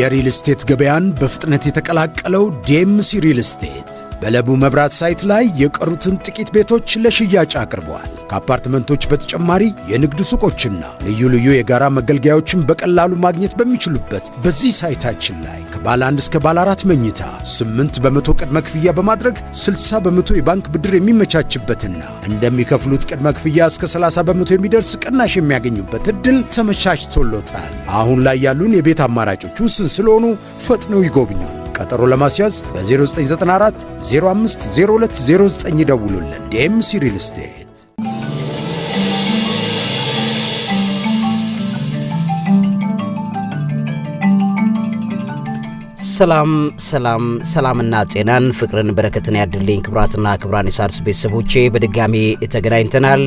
የሪል ስቴት ገበያን በፍጥነት የተቀላቀለው ዴምሲ ሪል ስቴት በለቡ መብራት ሳይት ላይ የቀሩትን ጥቂት ቤቶች ለሽያጭ አቅርበዋል። ከአፓርትመንቶች በተጨማሪ የንግድ ሱቆችና ልዩ ልዩ የጋራ መገልገያዎችን በቀላሉ ማግኘት በሚችሉበት በዚህ ሳይታችን ላይ ከባለ አንድ እስከ ባለ አራት መኝታ 8 በመቶ ቅድመ ክፍያ በማድረግ 60 በመቶ የባንክ ብድር የሚመቻችበትና እንደሚከፍሉት ቅድመ ክፍያ እስከ 30 በመቶ የሚደርስ ቅናሽ የሚያገኙበት እድል ተመቻችቶሎታል። አሁን ላይ ያሉን የቤት አማራጮች ውስን ስለሆኑ ፈጥነው ይጎብኙ። ቀጠሮ ለማስያዝ በ0994 05 0209 ይደውሉልን። ዲኤምሲ ሪል ስቴት ሰላም ሰላም ሰላምና ጤናን ፍቅርን በረከትን ያድልኝ። ክብራትና ክብራን የሣድስ ቤተሰቦቼ በድጋሚ ተገናኝተናል።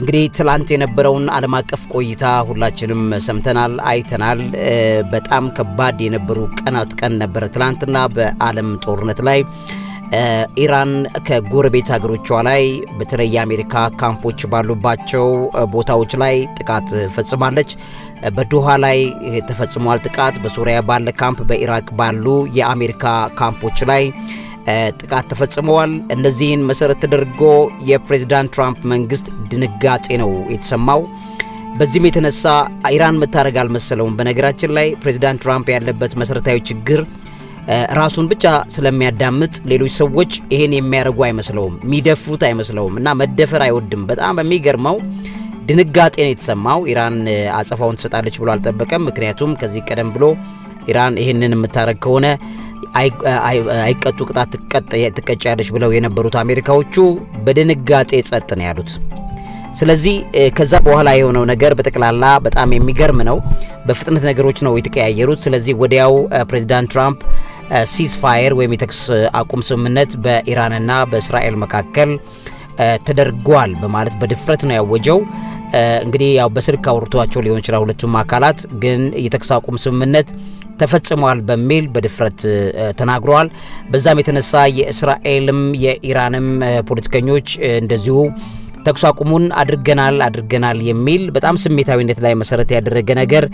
እንግዲህ ትላንት የነበረውን ዓለም አቀፍ ቆይታ ሁላችንም ሰምተናል፣ አይተናል። በጣም ከባድ የነበሩ ቀናት ቀን ነበረ ትላንትና በዓለም ጦርነት ላይ ኢራን ከጎረቤት ሀገሮቿ ላይ በተለይ የአሜሪካ ካምፖች ባሉባቸው ቦታዎች ላይ ጥቃት ፈጽማለች። በዶሃ ላይ ተፈጽሟል ጥቃት በሱሪያ ባለ ካምፕ፣ በኢራቅ ባሉ የአሜሪካ ካምፖች ላይ ጥቃት ተፈጽመዋል። እነዚህን መሰረት ተደርጎ የፕሬዝዳንት ትራምፕ መንግስት ድንጋጤ ነው የተሰማው። በዚህም የተነሳ ኢራን መታረግ አልመሰለውም። በነገራችን ላይ ፕሬዝዳንት ትራምፕ ያለበት መሰረታዊ ችግር ራሱን ብቻ ስለሚያዳምጥ ሌሎች ሰዎች ይሄን የሚያደርጉ አይመስለውም፣ የሚደፍሩት አይመስለውም እና መደፈር አይወድም። በጣም በሚገርመው ድንጋጤ ነው የተሰማው። ኢራን አጸፋውን ትሰጣለች ብሎ አልጠበቀም። ምክንያቱም ከዚህ ቀደም ብሎ ኢራን ይህንን የምታደርግ ከሆነ አይቀጡ ቅጣት ትቀጫለች ብለው የነበሩት አሜሪካዎቹ በድንጋጤ ጸጥ ነው ያሉት። ስለዚህ ከዛ በኋላ የሆነው ነገር በጠቅላላ በጣም የሚገርም ነው። በፍጥነት ነገሮች ነው የተቀያየሩት። ስለዚህ ወዲያው ፕሬዚዳንት ትራምፕ ሲዝፋየር ወይም የተኩስ አቁም ስምምነት በኢራንና በእስራኤል መካከል ተደርጓል በማለት በድፍረት ነው ያወጀው። እንግዲህ ያው በስልክ አውርቷቸው ሊሆን ይችላል። ሁለቱም አካላት ግን የተኩስ አቁም ስምምነት ተፈጽሟል በሚል በድፍረት ተናግረዋል። በዛም የተነሳ የእስራኤልም የኢራንም ፖለቲከኞች እንደዚሁ ተኩስ አቁሙን አድርገናል አድርገናል የሚል በጣም ስሜታዊነት ላይ መሰረት ያደረገ ነገር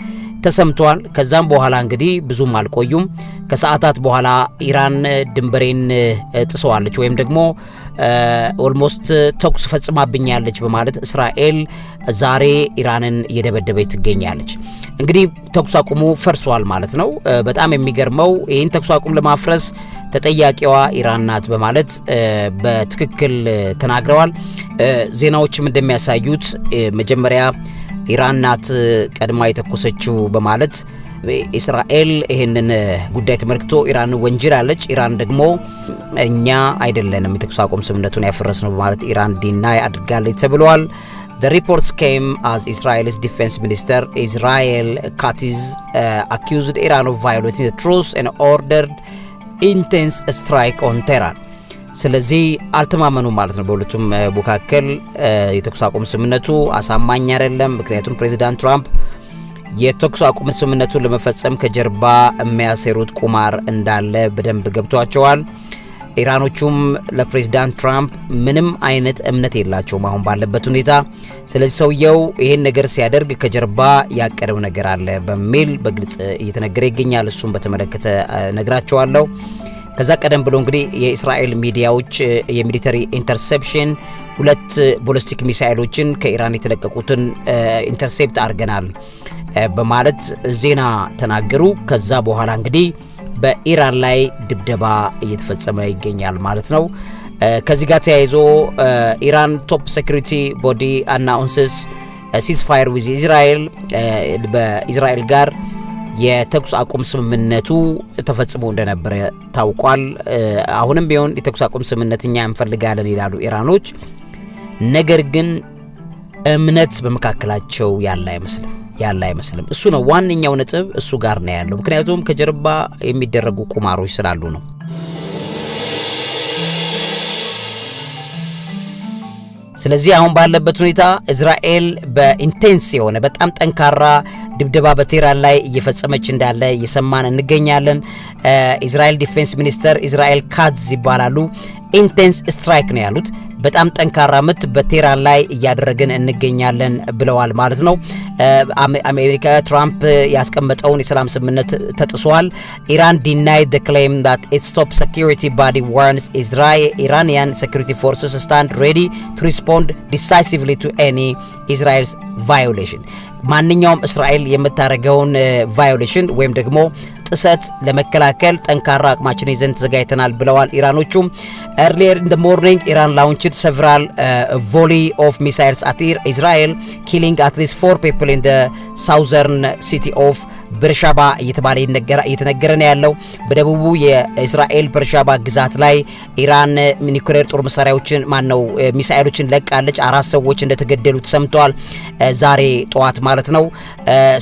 ተሰምቷል። ከዛም በኋላ እንግዲህ ብዙም አልቆዩም። ከሰዓታት በኋላ ኢራን ድንበሬን ጥሰዋለች ወይም ደግሞ ኦልሞስት ተኩስ ፈጽማብኛለች በማለት እስራኤል ዛሬ ኢራንን እየደበደበች ትገኛለች። እንግዲህ ተኩስ አቁሙ ፈርሷል ማለት ነው። በጣም የሚገርመው ይህን ተኩስ አቁም ለማፍረስ ተጠያቂዋ ኢራን ናት በማለት በትክክል ተናግረዋል። ዜናዎችም እንደሚያሳዩት መጀመሪያ ኢራን ናት ቀድማ የተኮሰችው በማለት እስራኤል ይህንን ጉዳይ ተመልክቶ ኢራንን ወንጅላለች። ኢራን ደግሞ እኛ አይደለንም የተኩስ አቁም ስምምነቱን ያፈረስ ነው በማለት ኢራን ዲናይ አድርጋለች ተብለዋል። The reports came as Israel's defense minister Israel Katz uh, accused Iran of violating the truce and ordered intense strike on Tehran. ስለዚህ አልተማመኑ ማለት ነው። በሁለቱም uh, መካከል uh, የተኩስ አቁም ስምምነቱ አሳማኝ አይደለም። ምክንያቱም ፕሬዚዳንት ትራምፕ የተኩስ አቁም ስምምነቱን ለመፈጸም ከጀርባ የሚያሴሩት ቁማር እንዳለ በደንብ ገብቷቸዋል። ኢራኖቹም ለፕሬዚዳንት ትራምፕ ምንም አይነት እምነት የላቸውም አሁን ባለበት ሁኔታ። ስለዚህ ሰውየው ይህን ነገር ሲያደርግ ከጀርባ ያቀደው ነገር አለ በሚል በግልጽ እየተነገረ ይገኛል። እሱም በተመለከተ ነግራቸዋለሁ። ከዛ ቀደም ብሎ እንግዲህ የእስራኤል ሚዲያዎች የሚሊተሪ ኢንተርሴፕሽን ሁለት ቦሊስቲክ ሚሳኤሎችን ከኢራን የተለቀቁትን ኢንተርሴፕት አድርገናል በማለት ዜና ተናገሩ። ከዛ በኋላ እንግዲህ በኢራን ላይ ድብደባ እየተፈጸመ ይገኛል ማለት ነው። ከዚህ ጋር ተያይዞ ኢራን ቶፕ ሴኩሪቲ ቦዲ አናውንስስ ሲስፋየር ዊዝ ኢዝራኤል በኢዝራኤል ጋር የተኩስ አቁም ስምምነቱ ተፈጽሞ እንደነበረ ታውቋል። አሁንም ቢሆን የተኩስ አቁም ስምምነት እኛ እንፈልጋለን ይላሉ ኢራኖች። ነገር ግን እምነት በመካከላቸው ያለ አይመስልም። ያለ አይመስልም። እሱ ነው ዋነኛው ነጥብ፣ እሱ ጋር ነው ያለው። ምክንያቱም ከጀርባ የሚደረጉ ቁማሮች ስላሉ ነው። ስለዚህ አሁን ባለበት ሁኔታ እስራኤል በኢንቴንስ የሆነ በጣም ጠንካራ ድብደባ በቴህራን ላይ እየፈጸመች እንዳለ እየሰማን እንገኛለን። እስራኤል ዲፌንስ ሚኒስተር እስራኤል ካትዝ ይባላሉ። ኢንቴንስ ስትራይክ ነው ያሉት። በጣም ጠንካራ ምት በቴራን ላይ እያደረግን እንገኛለን ብለዋል ማለት ነው። አሜሪካ ትራምፕ ያስቀመጠውን የሰላም ስምምነት ተጥሷል። ኢራን ዲናይ ደ ክሌም ት ኢትስ ቶፕ ሴኩሪቲ ባዲ ዋርንስ ኢራንያን ሴኩሪቲ ፎርስስ ስታንድ ሬዲ ቱ ሪስፖንድ ዲሳይሲቭሊ ቱ ኤኒ ኢዝራኤልስ ቫዮሌሽን ማንኛውም እስራኤል የምታደርገውን ቫዮሌሽን ወይም ደግሞ ጥሰት ለመከላከል ጠንካራ አቅማችን ይዘን ተዘጋጅተናል ብለዋል ኢራኖቹ። ኤርሊየር ኢን ሞርኒንግ ኢራን ላውንችድ ሰቨራል ቮሊ ኦፍ ሚሳይልስ አት ኢዝራኤል ኪሊንግ አትሊስት ፎር ፒፕል ኢን ሳውዘርን ሲቲ ኦፍ ብርሻባ እየተባለ እየተነገረ ነው ያለው። በደቡቡ የእስራኤል ብርሻባ ግዛት ላይ ኢራን ኒውክሌር ጦር መሳሪያዎችን ማን ነው ሚሳኤሎችን ለቃለች። አራት ሰዎች እንደተገደሉ ተሰምተዋል፣ ዛሬ ጠዋት ማለት ነው።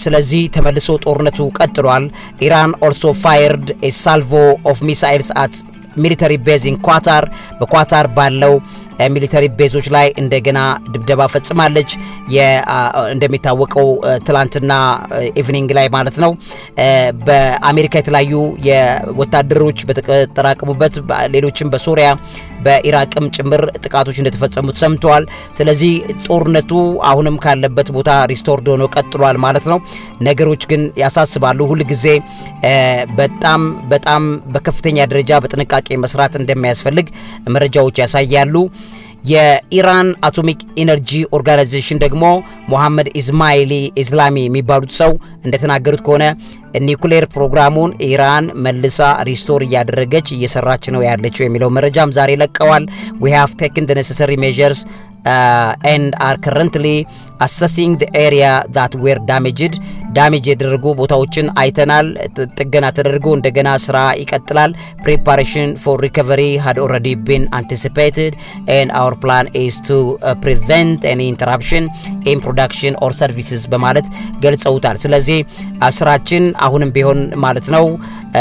ስለዚህ ተመልሶ ጦርነቱ ቀጥሏል። ኢራን ኦልሶ ፋየርድ ሳልቮ ኦፍ ሚሳኤልስ አት ሚሊተሪ ቤዚን ኳታር በኳታር ባለው ሚሊተሪ ቤዞች ላይ እንደገና ድብደባ ፈጽማለች። እንደሚታወቀው ትላንትና ኢቭኒንግ ላይ ማለት ነው በአሜሪካ የተለያዩ የወታደሮች በተጠራቀሙበት ሌሎችም በሶሪያ በኢራቅም ጭምር ጥቃቶች እንደተፈጸሙት ሰምተዋል። ስለዚህ ጦርነቱ አሁንም ካለበት ቦታ ሪስቶርድ ሆኖ ቀጥሏል ማለት ነው። ነገሮች ግን ያሳስባሉ። ሁልጊዜ በጣም በጣም በከፍተኛ ደረጃ በጥንቃቄ መስራት እንደሚያስፈልግ መረጃዎች ያሳያሉ። የኢራን አቶሚክ ኢነርጂ ኦርጋናይዜሽን ደግሞ ሞሐመድ ኢስማኤሊ ኢስላሚ የሚባሉት ሰው እንደተናገሩት ከሆነ ኒውክሌር ፕሮግራሙን ኢራን መልሳ ሪስቶር እያደረገች እየሰራች ነው ያለችው የሚለው መረጃም ዛሬ ለቀዋል። ዊ ሃቭ ቴክን ዘ ነሰሰሪ ሜዠርስ ኤንድ አር ከረንትሊ አሰሲንግ ኤሪያ ዌር ዳሜጅድ ዳሜጅ የደረጉ ቦታዎችን አይተናል። ጥገና ተደርጎ እንደገና ስራ ይቀጥላል። ፕሪፓሬሽን ፎር ሪከቨሪ ሃድ ኦረዲ ቢን anticipated and our ፕላን is ቱ ፕሪቨንት uh, any ኢንተራፕሽን ኢን ፕሮዳክሽን ኦር ሰርቪስስ በማለት ገልጸውታል። ስለዚህ uh, ስራችን አሁንም ቢሆን ማለት ነው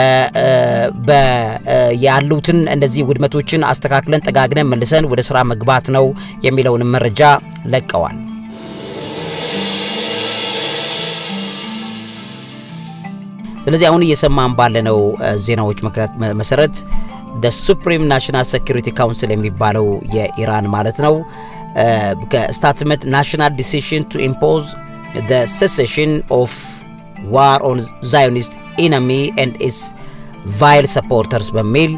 uh, ያሉትን እነዚህ ውድመቶችን አስተካክለን ጠጋግነን መልሰን ወደ ስራ መግባት ነው የሚለውንም መረጃ ለቀዋል። ስለዚህ አሁን እየሰማን ባለነው ዜናዎች መሰረት ሱፕሪም ናሽናል ሴኩሪቲ ካውንስል የሚባለው የኢራን ማለት ነው ከስታትመንት ናሽናል ዲሲሽን ቱ ኢምፖዝ ሴሴሽን ኦፍ ዋር ኦን ዛዮኒስት ኢነሚ ኤንድ ኢስ ቫይል ሰፖርተርስ በሚል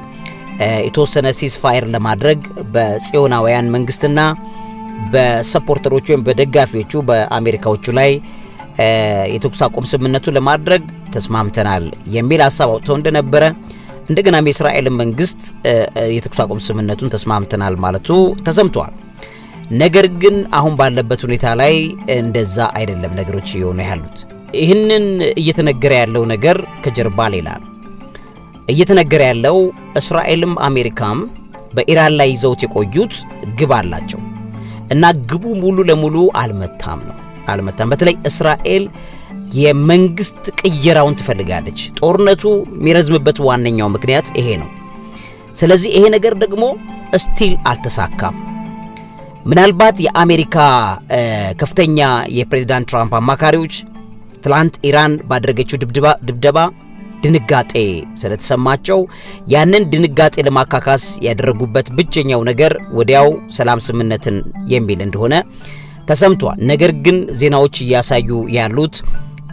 የተወሰነ ፋየር ለማድረግ በጽዮናውያን መንግስትና በሰፖርተሮቹ ወይም በደጋፊዎቹ በአሜሪካዎቹ ላይ የተኩስ አቁም ስምምነቱ ለማድረግ ተስማምተናል የሚል ሀሳብ አውጥተው እንደነበረ እንደገናም የእስራኤል መንግስት የተኩስ አቁም ስምምነቱን ተስማምተናል ማለቱ ተሰምቷል። ነገር ግን አሁን ባለበት ሁኔታ ላይ እንደዛ አይደለም ነገሮች እየሆኑ ያሉት። ይህንን እየተነገረ ያለው ነገር ከጀርባ ሌላ ነው። እየተነገረ ያለው እስራኤልም አሜሪካም በኢራን ላይ ይዘውት የቆዩት ግብ አላቸው እና ግቡ ሙሉ ለሙሉ አልመታም ነው አልመታም። በተለይ እስራኤል የመንግስት ቅየራውን ትፈልጋለች። ጦርነቱ የሚረዝምበት ዋነኛው ምክንያት ይሄ ነው። ስለዚህ ይሄ ነገር ደግሞ እስቲል አልተሳካም። ምናልባት የአሜሪካ ከፍተኛ የፕሬዚዳንት ትራምፕ አማካሪዎች ትላንት ኢራን ባደረገችው ድብደባ ድንጋጤ ስለተሰማቸው ያንን ድንጋጤ ለማካካስ ያደረጉበት ብቸኛው ነገር ወዲያው ሰላም ስምምነትን የሚል እንደሆነ ተሰምቷል። ነገር ግን ዜናዎች እያሳዩ ያሉት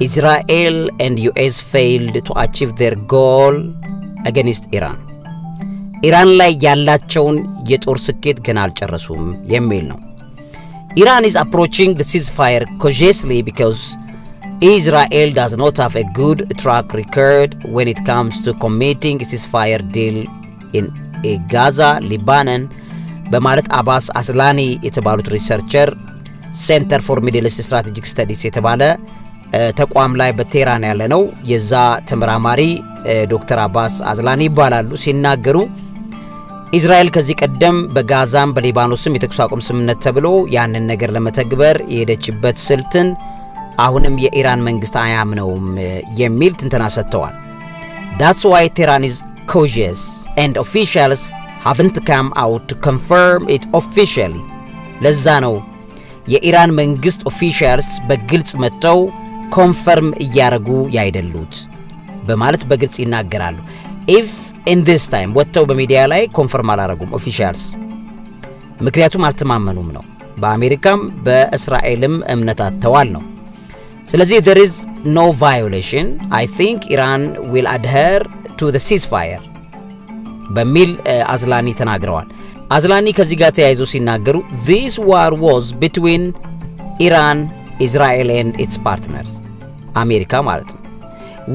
ኢዝራኤል ኤንድ ዩኤስ ፌይልድ ቱ አቺቭ ዜር ጎል አገኒስት ኢራን ኢራን ላይ ያላቸውን የጦር ስኬት ገና አልጨረሱም የሚል ነው። ኢራን ኢዝ አፕሮቺንግ ዘ ሲዝፋየር ኮሽየስሊ ቢካዝ ኢዝራኤል ዳዝ ኖት ሃቭ ኤ ጉድ ትራክ ሪከርድ ዌን ኢት ካምስ ቱ ኮሚቲንግ ሲዝፋየር ዲል ኢን ጋዛ ሊባነን በማለት አባስ አስላኒ የተባሉት ሪሰርቸር ሴንተር ፎር ሚድል ኢስት ስትራቴጂክ ስተዲስ የተባለ ተቋም ላይ በቴራን ያለ ነው። የዛ ተመራማሪ ዶክተር አባስ አዝላን ይባላሉ። ሲናገሩ ኢዝራኤል ከዚህ ቀደም በጋዛም በሊባኖስም የተኩስ አቁም ስምምነት ተብሎ ያንን ነገር ለመተግበር የሄደችበት ስልትን አሁንም የኢራን መንግስት አያምነውም የሚል ትንተና ሰጥተዋል። ዳትስ ዋይ ቴራን ኢዝ ኮሺየስ ኤንድ ኦፊሻልስ ሃቭንት ካም አውት ቱ ኮንፈርም ኢት ኦፊሻሊ። ለዛ ነው የኢራን መንግስት ኦፊሻልስ በግልጽ መጥተው ኮንፈርም እያደረጉ ያይደሉት በማለት በግልጽ ይናገራሉ። ኢፍ ኢን ዲስ ታይም ወጥተው በሚዲያ ላይ ኮንፈርም አላረጉም ኦፊሻልስ፣ ምክንያቱም አልተማመኑም ነው። በአሜሪካም በእስራኤልም እምነት አጥተዋል ነው። ስለዚህ there is ቫዮሌሽን violation I think Iran will adhere to the ceasefire በሚል አዝላኒ ተናግረዋል። አዝላኒ ከዚህ ጋር ተያይዞ ሲናገሩ this war was between Iran ኢዝራኤል ኤንድ ኢትስ ፓርትነርስ አሜሪካ ማለት ነው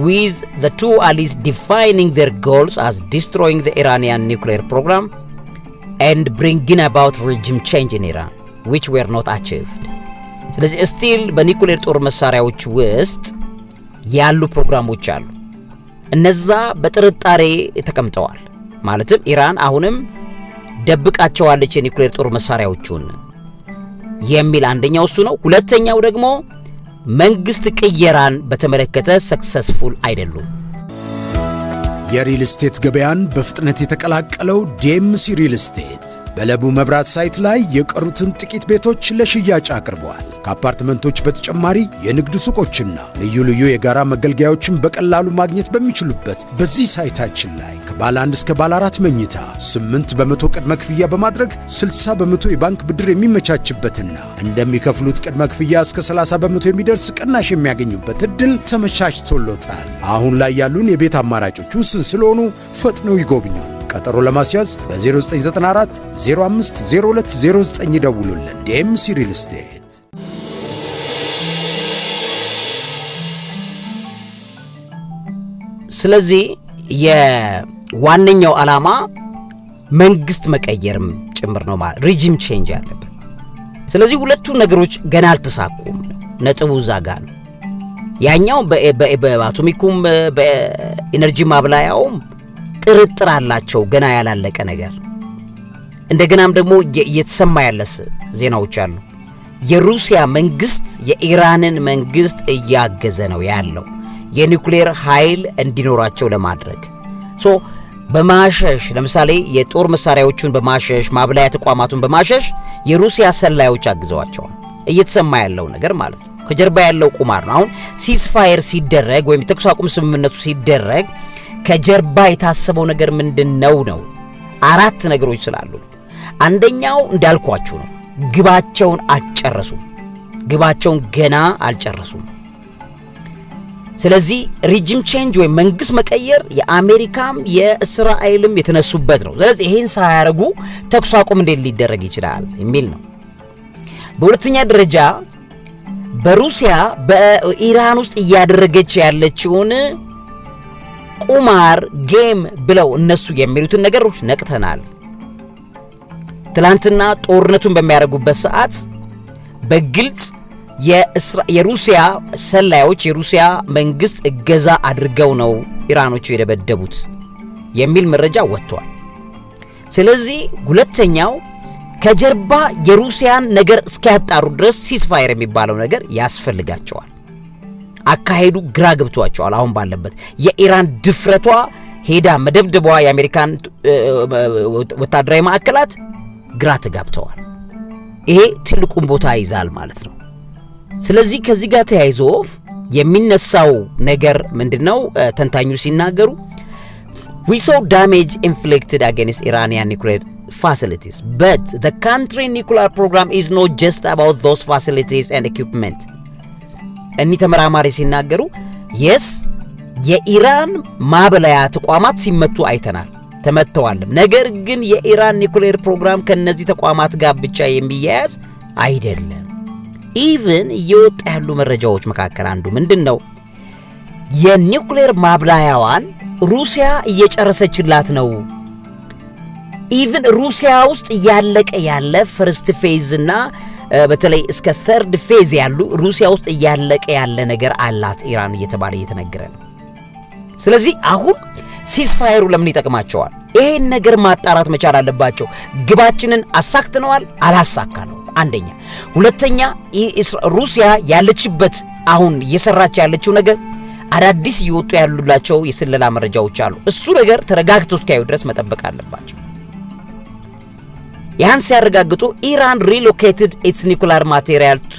ዊዝ ዘ ቱ አሊስ ዲፋይኒንግ ዜር ጎልስ አዝ ዲስትሮይንግ ዘ ኢራንያን ኒውክሌር ፕሮግራም ኤንድ ብሪንግን አባውት ሪጅም ቼንጅ ኢን ኢራን ዊች ዌር ኖት አቺቭድ። ስለዚህ ስቲል በኒውክሌር ጦር መሳሪያዎች ውስጥ ያሉ ፕሮግራሞች አሉ። እነዛ በጥርጣሬ ተቀምጠዋል። ማለትም ኢራን አሁንም ደብቃቸዋለች የኒውክሌር ጦር መሳሪያዎቹን የሚል አንደኛው እሱ ነው። ሁለተኛው ደግሞ መንግስት ቅየራን በተመለከተ ሰክሰስፉል አይደሉም። የሪል ስቴት ገበያን በፍጥነት የተቀላቀለው ዴምሲ ሪል ስቴት በለቡ መብራት ሳይት ላይ የቀሩትን ጥቂት ቤቶች ለሽያጭ አቅርበዋል። ከአፓርትመንቶች በተጨማሪ የንግድ ሱቆችና ልዩ ልዩ የጋራ መገልገያዎችን በቀላሉ ማግኘት በሚችሉበት በዚህ ሳይታችን ላይ ከባለ አንድ እስከ ባለ አራት መኝታ 8 በመቶ ቅድመ ክፍያ በማድረግ 60 በመቶ የባንክ ብድር የሚመቻችበትና እንደሚከፍሉት ቅድመ ክፍያ እስከ 30 በመቶ የሚደርስ ቅናሽ የሚያገኙበት እድል ተመቻችቶሎታል። አሁን ላይ ያሉን የቤት አማራጮች ውስን ስለሆኑ ፈጥነው ይጎብኙን። ቀጠሮ ለማስያዝ በ0994 05 0209 ይደውሉልን። ዲኤምሲ ሪል ስቴት ስለዚህ ዋነኛው ዓላማ መንግስት መቀየርም ጭምር ነው ማለት ሪጂም ቼንጅ ያለበት። ስለዚህ ሁለቱ ነገሮች ገና አልተሳኩም። ነጥቡ እዛ ጋ ነው። ያኛው በአቶሚኩም በኢነርጂ ማብላያውም ጥርጥር አላቸው፣ ገና ያላለቀ ነገር። እንደገናም ደግሞ እየተሰማ ያለስ ዜናዎች አሉ። የሩሲያ መንግስት የኢራንን መንግስት እያገዘ ነው ያለው የኒውክሌር ኃይል እንዲኖራቸው ለማድረግ ሶ በማሸሽ ለምሳሌ የጦር መሳሪያዎቹን በማሸሽ ማብላያ ተቋማቱን በማሸሽ የሩሲያ ሰላዮች አግዘዋቸዋል። እየተሰማ ያለው ነገር ማለት ነው። ከጀርባ ያለው ቁማር ነው። አሁን ሲስፋየር ሲደረግ ወይም ተኩስ አቁም ስምምነቱ ሲደረግ ከጀርባ የታሰበው ነገር ምንድን ነው ነው? አራት ነገሮች ስላሉ አንደኛው እንዳልኳችሁ ነው፣ ግባቸውን አልጨረሱም። ግባቸውን ገና አልጨረሱም። ስለዚህ ሪጅም ቼንጅ ወይም መንግስት መቀየር የአሜሪካም የእስራኤልም የተነሱበት ነው። ስለዚህ ይህን ሳያደርጉ ተኩስ አቁም እንዴት ሊደረግ ይችላል የሚል ነው። በሁለተኛ ደረጃ በሩሲያ በኢራን ውስጥ እያደረገች ያለችውን ቁማር ጌም ብለው እነሱ የሚሉትን ነገሮች ነቅተናል። ትላንትና ጦርነቱን በሚያደርጉበት ሰዓት በግልጽ የሩሲያ ሰላዮች የሩሲያ መንግስት እገዛ አድርገው ነው ኢራኖቹ የደበደቡት የሚል መረጃ ወጥቷል። ስለዚህ ሁለተኛው ከጀርባ የሩሲያን ነገር እስኪያጣሩ ድረስ ሲስፋየር የሚባለው ነገር ያስፈልጋቸዋል። አካሄዱ ግራ ገብቷቸዋል። አሁን ባለበት የኢራን ድፍረቷ ሄዳ መደብደቧ የአሜሪካን ወታደራዊ ማዕከላት ግራ ተጋብተዋል። ይሄ ትልቁን ቦታ ይዛል ማለት ነው። ስለዚህ ከዚህ ጋር ተያይዞ የሚነሳው ነገር ምንድን ነው? ተንታኙ ሲናገሩ ዊ ዳሜጅ ኢንፍሊክትድ አጌንስት ኢራንያን ኒኩሌር ፋሲሊቲስ በት ዘ ካንትሪ ኒኩላር ፕሮግራም ኢዝ ኖ ጀስት አባውት ዞስ ፋሲሊቲስ ኤንድ ኢኩፕመንት። እኒህ ተመራማሪ ሲናገሩ የስ የኢራን ማበላያ ተቋማት ሲመቱ አይተናል፣ ተመትተዋልም። ነገር ግን የኢራን ኒኩሌር ፕሮግራም ከእነዚህ ተቋማት ጋር ብቻ የሚያያዝ አይደለም። ኢቭን እየወጡ ያሉ መረጃዎች መካከል አንዱ ምንድን ነው? የኒውክሌር ማብላያዋን ሩሲያ እየጨረሰችላት ነው። ኢቭን ሩሲያ ውስጥ እያለቀ ያለ ፈርስት ፌዝ እና በተለይ እስከ ተርድ ፌዝ ያሉ ሩሲያ ውስጥ እያለቀ ያለ ነገር አላት ኢራን እየተባለ እየተነገረ ነው። ስለዚህ አሁን ሲስፋየሩ ለምን ይጠቅማቸዋል? ይሄን ነገር ማጣራት መቻል አለባቸው። ግባችንን አሳክትነዋል፣ አላሳካ ነው አንደኛ። ሁለተኛ ሩሲያ ያለችበት አሁን እየሰራች ያለችው ነገር አዳዲስ እየወጡ ያሉላቸው የስለላ መረጃዎች አሉ። እሱ ነገር ተረጋግተው እስኪያዩ ድረስ መጠበቅ አለባቸው። ያን ሲያረጋግጡ ኢራን ሪሎኬትድ ኢትስ ኒኩላር ማቴሪያል ቱ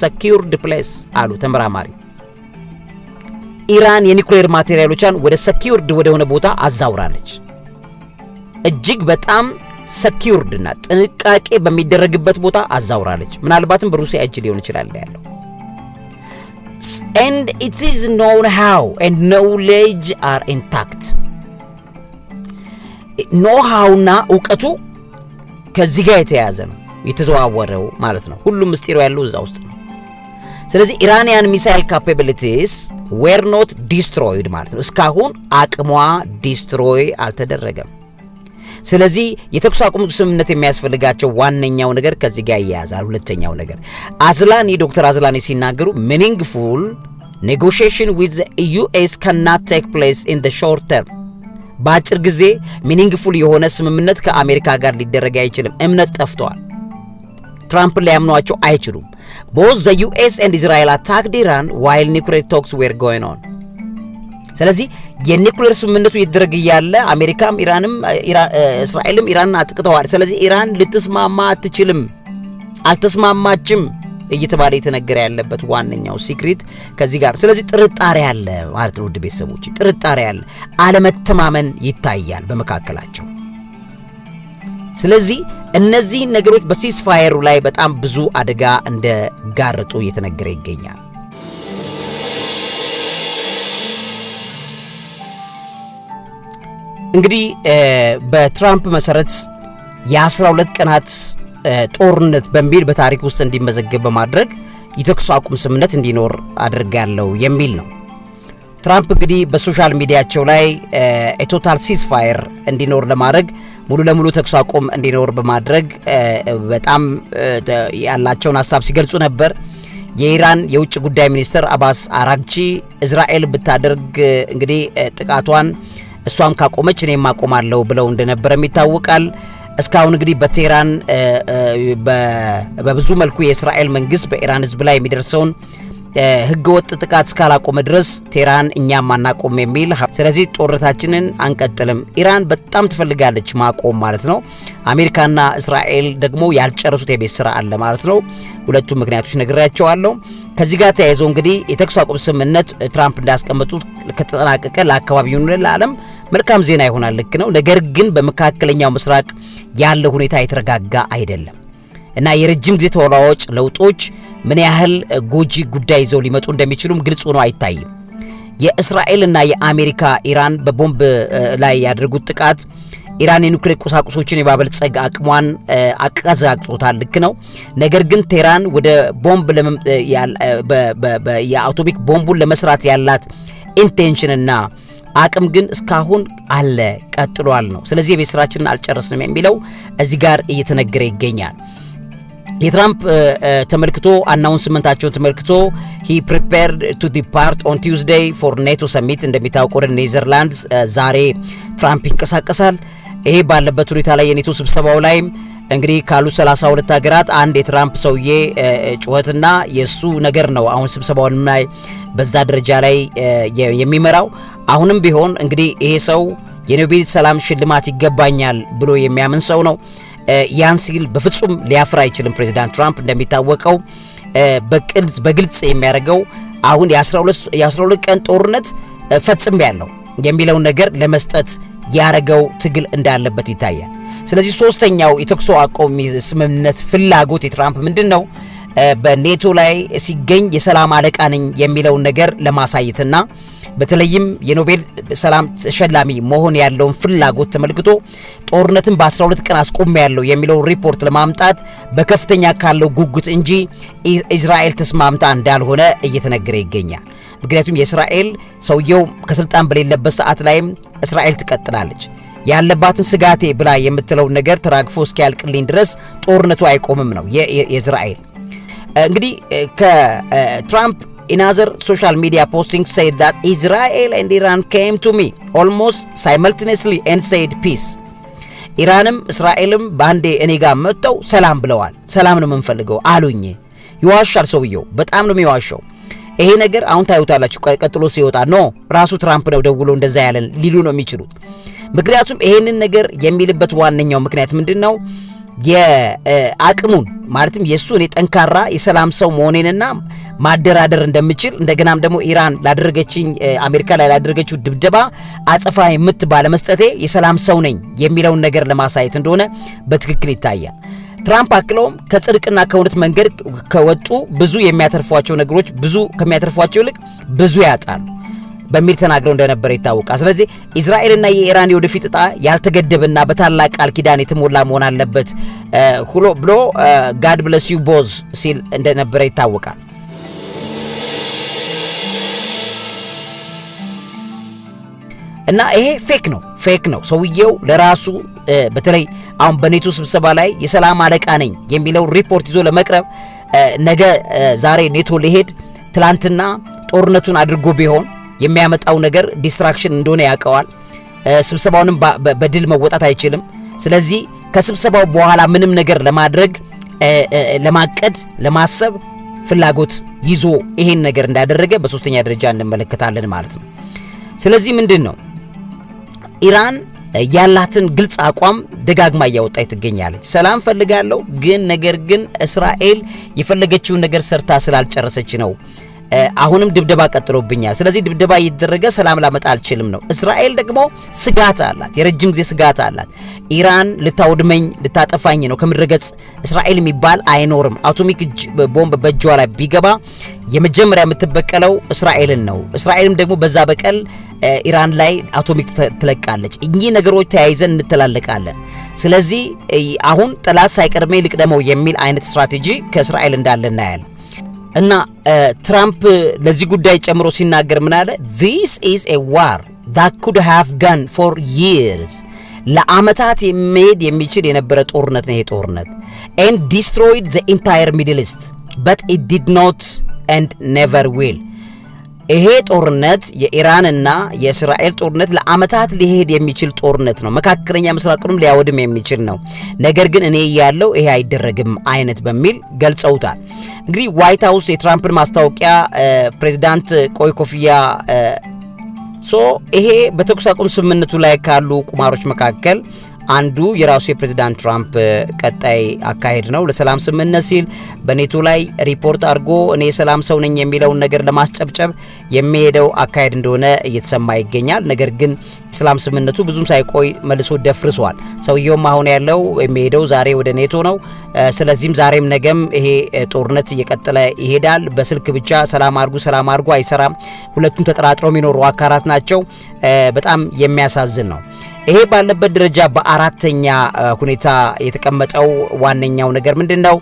ሰኪርድ ፕሌስ አሉ ተመራማሪ። ኢራን የኒኩሌር ማቴሪያሎቿን ወደ ሰኪርድ ወደሆነ ቦታ አዛውራለች። እጅግ በጣም ሰኪውርድና ጥንቃቄ በሚደረግበት ቦታ አዛውራለች። ምናልባትም በሩሲያ እጅ ሊሆን ይችላል ያለው and it is known how and knowledge are intact ኖሃውና እውቀቱ ከዚህ ጋር የተያያዘ ነው የተዘዋወረው ማለት ነው። ሁሉም ምስጢሩ ያለው እዛ ውስጥ ነው። ስለዚህ ኢራንያን ሚሳይል ካፓቢሊቲስ ዌር ኖት ዲስትሮይድ ማለት ነው። እስካሁን አቅሟ ዲስትሮይ አልተደረገም። ስለዚህ የተኩስ አቁም ስምምነት የሚያስፈልጋቸው ዋነኛው ነገር ከዚህ ጋር ይያያዛል። ሁለተኛው ነገር አዝላኒ ዶክተር አዝላኒ ሲናገሩ ሚኒንግፉል ኔጎሽሽን ዊዝ ዩኤስ ከናት ቴክ ፕሌስ ኢን ሾርት ተርም በአጭር ጊዜ ሚኒንግፉል የሆነ ስምምነት ከአሜሪካ ጋር ሊደረግ አይችልም። እምነት ጠፍተዋል። ትራምፕን ሊያምኗቸው አይችሉም። ቦዝ ዘ ዩኤስ ኤንድ ኢዝራኤል አታክድ ኢራን ዋይል ኒኩሌር ቶክስ ዌር ጎይን ኦን ስለዚህ የኒኩሌር ስምምነቱ ይደረግ እያለ አሜሪካም ኢራንም እስራኤልም ኢራንን አጥቅተዋል። ስለዚህ ኢራን ልትስማማ አትችልም፣ አልተስማማችም እየተባለ የተነገረ ያለበት ዋነኛው ሲክሪት ከዚህ ጋር። ስለዚህ ጥርጣሬ አለ ማለት ነው። ውድ ቤተሰቦች ጥርጣሬ አለ፣ አለመተማመን ይታያል በመካከላቸው። ስለዚህ እነዚህ ነገሮች በሲስፋየሩ ላይ በጣም ብዙ አደጋ እንደጋረጡ እየተነገረ ይገኛል። እንግዲህ በትራምፕ መሰረት የ12 ቀናት ጦርነት በሚል በታሪክ ውስጥ እንዲመዘገብ በማድረግ የተኩስ አቁም ስምምነት እንዲኖር አድርጋለሁ የሚል ነው። ትራምፕ እንግዲህ በሶሻል ሚዲያቸው ላይ የቶታል ፋየር እንዲኖር ለማድረግ ሙሉ ለሙሉ ተኩስ አቁም እንዲኖር በማድረግ በጣም ያላቸውን ሀሳብ ሲገልጹ ነበር። የኢራን የውጭ ጉዳይ ሚኒስትር አባስ አራግቺ እስራኤል ብታደርግ እንግዲህ ጥቃቷን እሷም ካቆመች እኔም አቆማለሁ ብለው እንደነበረም ይታወቃል። እስካሁን እንግዲህ በቴህራን በብዙ መልኩ የእስራኤል መንግስት በኢራን ህዝብ ላይ የሚደርሰውን ህገወጥ ጥቃት እስካላቆመ ድረስ ቴህራን እኛም አናቆም የሚል ስለዚህ ጦርነታችንን አንቀጥልም። ኢራን በጣም ትፈልጋለች ማቆም ማለት ነው። አሜሪካና እስራኤል ደግሞ ያልጨረሱት የቤት ስራ አለ ማለት ነው። ሁለቱም ምክንያቶች ነግሬያቸዋለሁ። ከዚህ ጋር ተያይዞ እንግዲህ የተኩስ አቁም ስምምነት ትራምፕ እንዳስቀመጡት ከተጠናቀቀ ለአካባቢው ለዓለም መልካም ዜና ይሆናል። ልክ ነው። ነገር ግን በመካከለኛው ምስራቅ ያለ ሁኔታ የተረጋጋ አይደለም እና የረጅም ጊዜ ተለዋዋጭ ለውጦች ምን ያህል ጎጂ ጉዳይ ይዘው ሊመጡ እንደሚችሉም ግልጽ ሆኖ አይታይም። የእስራኤል የአሜሪካ ኢራን በቦምብ ላይ ያደረጉት ጥቃት ኢራን የኒውክሌር ቁሳቁሶችን የማበልጸግ አቅሟን አቀዛቅጾታል። ልክ ነው። ነገር ግን ቴራን ወደ ቦምብ የአቶሚክ ቦምቡን ለመስራት ያላት ኢንቴንሽንና አቅም ግን እስካሁን አለ ቀጥሏል ነው። ስለዚህ የቤት ስራችንን አልጨረስንም የሚለው እዚህ ጋር እየተነገረ ይገኛል። የትራምፕ ተመልክቶ አናውንስመንታቸውን ተመልክቶ ሂ ፕሪፔርድ ቱ ዲፓርት ኦን ቲውዝዴይ ፎር ኔቶ ሰሚት። እንደሚታወቀው ወደ ኔዘርላንድስ ዛሬ ትራምፕ ይንቀሳቀሳል። ይሄ ባለበት ሁኔታ ላይ የኔቶ ስብሰባው ላይ እንግዲህ ካሉት 32 ሀገራት አንድ የትራምፕ ሰውዬ ጩኸትና የሱ ነገር ነው አሁን ስብሰባውን ላይ በዛ ደረጃ ላይ የሚመራው። አሁንም ቢሆን እንግዲህ ይሄ ሰው የኖቤል ሰላም ሽልማት ይገባኛል ብሎ የሚያምን ሰው ነው። ያን ሲል በፍጹም ሊያፍር አይችልም። ፕሬዚዳንት ትራምፕ እንደሚታወቀው በግልጽ የሚያደርገው አሁን የ12 ቀን ጦርነት ፈጽም ያለው የሚለውን ነገር ለመስጠት ያረገው ትግል እንዳለበት ይታያል። ስለዚህ ሶስተኛው የተኩስ አቁም ስምምነት ፍላጎት የትራምፕ ምንድን ነው? በኔቶ ላይ ሲገኝ የሰላም አለቃ ነኝ የሚለውን ነገር ለማሳየትና በተለይም የኖቤል ሰላም ተሸላሚ መሆን ያለውን ፍላጎት ተመልክቶ ጦርነትን በ12 ቀን አስቆም ያለው የሚለው ሪፖርት ለማምጣት በከፍተኛ ካለው ጉጉት እንጂ እስራኤል ተስማምታ እንዳልሆነ እየተነገረ ይገኛል። ምክንያቱም የእስራኤል ሰውየው ከስልጣን በሌለበት ሰዓት ላይም እስራኤል ትቀጥላለች ያለባትን ስጋቴ ብላ የምትለውን ነገር ተራግፎ እስኪያልቅልኝ ድረስ ጦርነቱ አይቆምም ነው የእስራኤል እንግዲህ ከትራምፕ In other social media postings, said that Israel and Iran came to me almost simultaneously and said peace ኢራንም እስራኤልም በአንዴ እኔ ጋር መጥተው ሰላም ብለዋል። ሰላም ነው የምንፈልገው አሉኝ። ይዋሻል ሰውየው፣ በጣም ነው የሚዋሻው። ይሄ ነገር አሁን ታዩታላችሁ ቀጥሎ ሲወጣ ነው ራሱ ትራምፕ ነው ደውሎ እንደዛ ያለን ሊሉ ነው የሚችሉት። ምክንያቱም ይሄንን ነገር የሚልበት ዋነኛው ምክንያት ምንድን ነው? የአቅሙን ማለትም የእሱ እኔ ጠንካራ የሰላም ሰው መሆኔንና ማደራደር እንደምችል እንደገናም ደግሞ ኢራን ላደረገችኝ አሜሪካ ላይ ላደረገችው ድብደባ አጸፋ የምት ባለመስጠቴ የሰላም ሰው ነኝ የሚለውን ነገር ለማሳየት እንደሆነ በትክክል ይታያል። ትራምፕ አክለውም ከጽድቅና ከእውነት መንገድ ከወጡ ብዙ የሚያተርፏቸው ነገሮች ብዙ ከሚያተርፏቸው ይልቅ ብዙ ያጣሉ በሚል ተናግረው እንደነበረ ይታወቃል። ስለዚህ እስራኤልና የኢራን የወደፊት እጣ ያልተገደበና በታላቅ ቃል ኪዳን የተሞላ መሆን አለበት ሁሎ ብሎ ጋድ ብለስ ዩ ቦዝ ሲል እንደነበረ ይታወቃል። እና ይሄ ፌክ ነው፣ ፌክ ነው። ሰውየው ለራሱ በተለይ አሁን በኔቶ ስብሰባ ላይ የሰላም አለቃ ነኝ የሚለው ሪፖርት ይዞ ለመቅረብ ነገ ዛሬ ኔቶ ሊሄድ ትላንትና ጦርነቱን አድርጎ ቢሆን የሚያመጣው ነገር ዲስትራክሽን እንደሆነ ያውቀዋል። ስብሰባውንም በድል መወጣት አይችልም። ስለዚህ ከስብሰባው በኋላ ምንም ነገር ለማድረግ ለማቀድ፣ ለማሰብ ፍላጎት ይዞ ይሄን ነገር እንዳደረገ በሶስተኛ ደረጃ እንመለከታለን ማለት ነው። ስለዚህ ምንድን ነው ኢራን ያላትን ግልጽ አቋም ደጋግማ እያወጣች ትገኛለች። ሰላም ፈልጋለሁ ግን ነገር ግን እስራኤል የፈለገችውን ነገር ሰርታ ስላልጨረሰች ነው አሁንም ድብደባ ቀጥሎብኛል፣ ስለዚህ ድብደባ እየተደረገ ሰላም ላመጣ አልችልም ነው። እስራኤል ደግሞ ስጋት አላት፣ የረጅም ጊዜ ስጋት አላት። ኢራን ልታውድመኝ ልታጠፋኝ ነው፣ ከምድረ እስራኤል የሚባል አይኖርም። አቶሚክ ቦምብ በእጇ ላይ ቢገባ የመጀመሪያ የምትበቀለው እስራኤልን ነው። እስራኤልም ደግሞ በዛ በቀል ኢራን ላይ አቶሚክ ትለቃለች። እኚህ ነገሮች ተያይዘን እንተላለቃለን። ስለዚህ አሁን ጠላት ሳይቀድመኝ ልቅደመው የሚል አይነት ስትራቴጂ ከእስራኤል እንዳለ እናያለን። እና ትራምፕ ለዚህ ጉዳይ ጨምሮ ሲናገር ምን አለ? ዚስ ኢዝ ኤ ዋር ኩድ ሃቭ ጋን ፎር ይርስ ለአመታት የሚሄድ የሚችል የነበረ ጦርነት ነው ይሄ ጦርነት። ኤንድ ዲስትሮይድ ዘ ኢንታየር ሚድል ኢስት በት ኢት ዲድ ኖት ኤንድ ኔቨር ዊል ይሄ ጦርነት የኢራንና የእስራኤል ጦርነት ለአመታት ሊሄድ የሚችል ጦርነት ነው። መካከለኛ ምስራቅንም ሊያወድም የሚችል ነው። ነገር ግን እኔ ያለው ይሄ አይደረግም አይነት በሚል ገልጸውታል። እንግዲህ ዋይት ሀውስ የትራምፕን ማስታወቂያ ፕሬዚዳንት ቆይ ኮፍያ ሶ ይሄ በተኩስ አቁም ስምምነቱ ላይ ካሉ ቁማሮች መካከል አንዱ የራሱ የፕሬዚዳንት ትራምፕ ቀጣይ አካሄድ ነው። ለሰላም ስምምነት ሲል በኔቶ ላይ ሪፖርት አድርጎ እኔ የሰላም ሰው ነኝ የሚለውን ነገር ለማስጨብጨብ የሚሄደው አካሄድ እንደሆነ እየተሰማ ይገኛል። ነገር ግን የሰላም ስምምነቱ ብዙም ሳይቆይ መልሶ ደፍርሷል። ሰውየውም አሁን ያለው የሚሄደው ዛሬ ወደ ኔቶ ነው። ስለዚህም ዛሬም ነገም ይሄ ጦርነት እየቀጠለ ይሄዳል። በስልክ ብቻ ሰላም አድርጉ ሰላም አድርጉ አይሰራም። ሁለቱም ተጠራጥረው የሚኖሩ አካላት ናቸው። በጣም የሚያሳዝን ነው። ይሄ ባለበት ደረጃ በአራተኛ ሁኔታ የተቀመጠው ዋነኛው ነገር ምንድን ነው?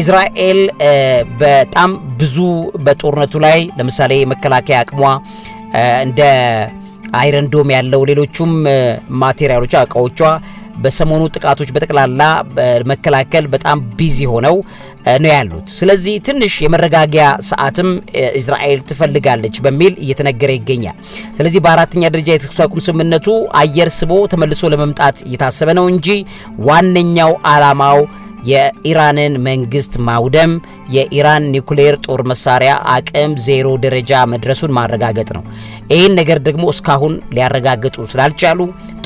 ኢዝራኤል በጣም ብዙ በጦርነቱ ላይ ለምሳሌ መከላከያ አቅሟ እንደ አይረንዶም ያለው ሌሎቹም ማቴሪያሎቿ እቃዎቿ በሰሞኑ ጥቃቶች በጠቅላላ መከላከል በጣም ቢዚ ሆነው ነው ያሉት። ስለዚህ ትንሽ የመረጋጊያ ሰዓትም እስራኤል ትፈልጋለች በሚል እየተነገረ ይገኛል። ስለዚህ በአራተኛ ደረጃ የተኩስ አቁም ስምምነቱ አየር ስቦ ተመልሶ ለመምጣት እየታሰበ ነው እንጂ ዋነኛው ዓላማው የኢራንን መንግስት ማውደም የኢራን ኒውክሌር ጦር መሳሪያ አቅም ዜሮ ደረጃ መድረሱን ማረጋገጥ ነው። ይህን ነገር ደግሞ እስካሁን ሊያረጋግጡ ስላልቻሉ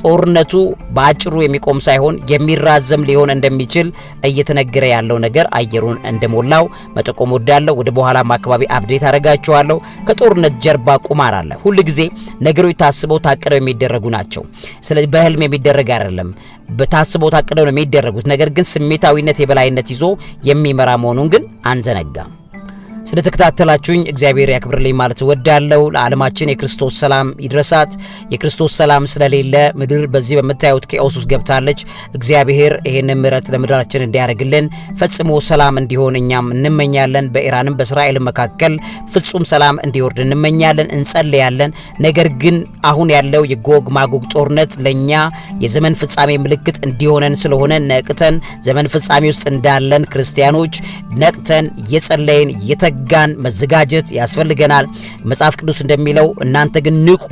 ጦርነቱ በአጭሩ የሚቆም ሳይሆን የሚራዘም ሊሆን እንደሚችል እየተነገረ ያለው ነገር አየሩን እንደሞላው መጠቆም ወዳለው ወደ በኋላም አካባቢ አብዴት አረጋችኋለሁ። ከጦርነት ጀርባ ቁማር አለ። ሁል ጊዜ ነገሮች ታስበው ታቅደው የሚደረጉ ናቸው። ስለዚህ በህልም የሚደረግ አይደለም። በታስበው ታቅደው ነው የሚደረጉት። ነገር ግን ስሜታዊነት የበላይነት ይዞ የሚመራ መሆኑን ግን አንዘነጋም። ስለተከታተላችሁኝ እግዚአብሔር ያክብርልኝ ማለት እወዳለሁ። ለዓለማችን የክርስቶስ ሰላም ይድረሳት። የክርስቶስ ሰላም ስለሌለ ምድር በዚህ በምታዩት ቀውስ ውስጥ ገብታለች። እግዚአብሔር ይህን ምሕረት ለምድራችን እንዲያደርግልን ፈጽሞ ሰላም እንዲሆን እኛም እንመኛለን። በኢራንም በእስራኤልም መካከል ፍጹም ሰላም እንዲወርድ እንመኛለን፣ እንጸልያለን። ነገር ግን አሁን ያለው የጎግ ማጎግ ጦርነት ለእኛ የዘመን ፍጻሜ ምልክት እንዲሆነን ስለሆነ ነቅተን ዘመን ፍጻሜ ውስጥ እንዳለን ክርስቲያኖች ነቅተን እየጸለይን ለጸጋን መዘጋጀት ያስፈልገናል። መጽሐፍ ቅዱስ እንደሚለው እናንተ ግን ንቁ፣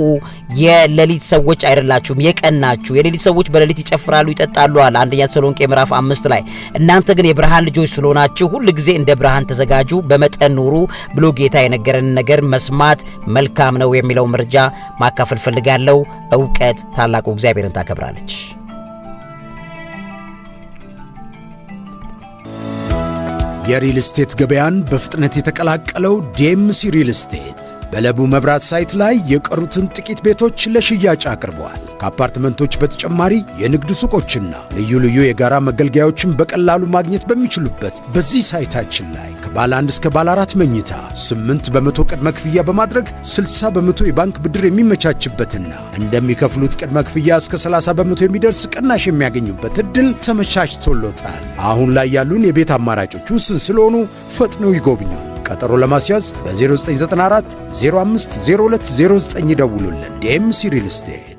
የሌሊት ሰዎች አይደላችሁም፣ የቀን ናችሁ። የሌሊት ሰዎች በሌሊት ይጨፍራሉ፣ ይጠጣሉ አለ አንደኛ ተሰሎንቄ ምዕራፍ አምስት ላይ። እናንተ ግን የብርሃን ልጆች ስለሆናችሁ ሁል ጊዜ እንደ ብርሃን ተዘጋጁ፣ በመጠን ኑሩ ብሎ ጌታ የነገረን ነገር መስማት መልካም ነው የሚለው መረጃ ማካፈል ፈልጋለሁ። እውቀት ታላቁ እግዚአብሔርን ታከብራለች። የሪል ስቴት ገበያን በፍጥነት የተቀላቀለው ዴምሲ ሪል ስቴት በለቡ መብራት ሳይት ላይ የቀሩትን ጥቂት ቤቶች ለሽያጭ አቅርበዋል። ከአፓርትመንቶች በተጨማሪ የንግድ ሱቆችና ልዩ ልዩ የጋራ መገልገያዎችን በቀላሉ ማግኘት በሚችሉበት በዚህ ሳይታችን ላይ ከባለ አንድ እስከ ባለ አራት መኝታ 8 በመቶ ቅድመ ክፍያ በማድረግ 60 በመቶ የባንክ ብድር የሚመቻችበትና እንደሚከፍሉት ቅድመ ክፍያ እስከ 30 በመቶ የሚደርስ ቅናሽ የሚያገኙበት እድል ተመቻችቶሎታል። አሁን ላይ ያሉን የቤት አማራጮች ውስን ስለሆኑ ፈጥነው ይጎብኛል። ቀጠሮ ለማስያዝ በ0994 05 0209 ይደውሉልን። ዲኤምሲ ሪል ስቴት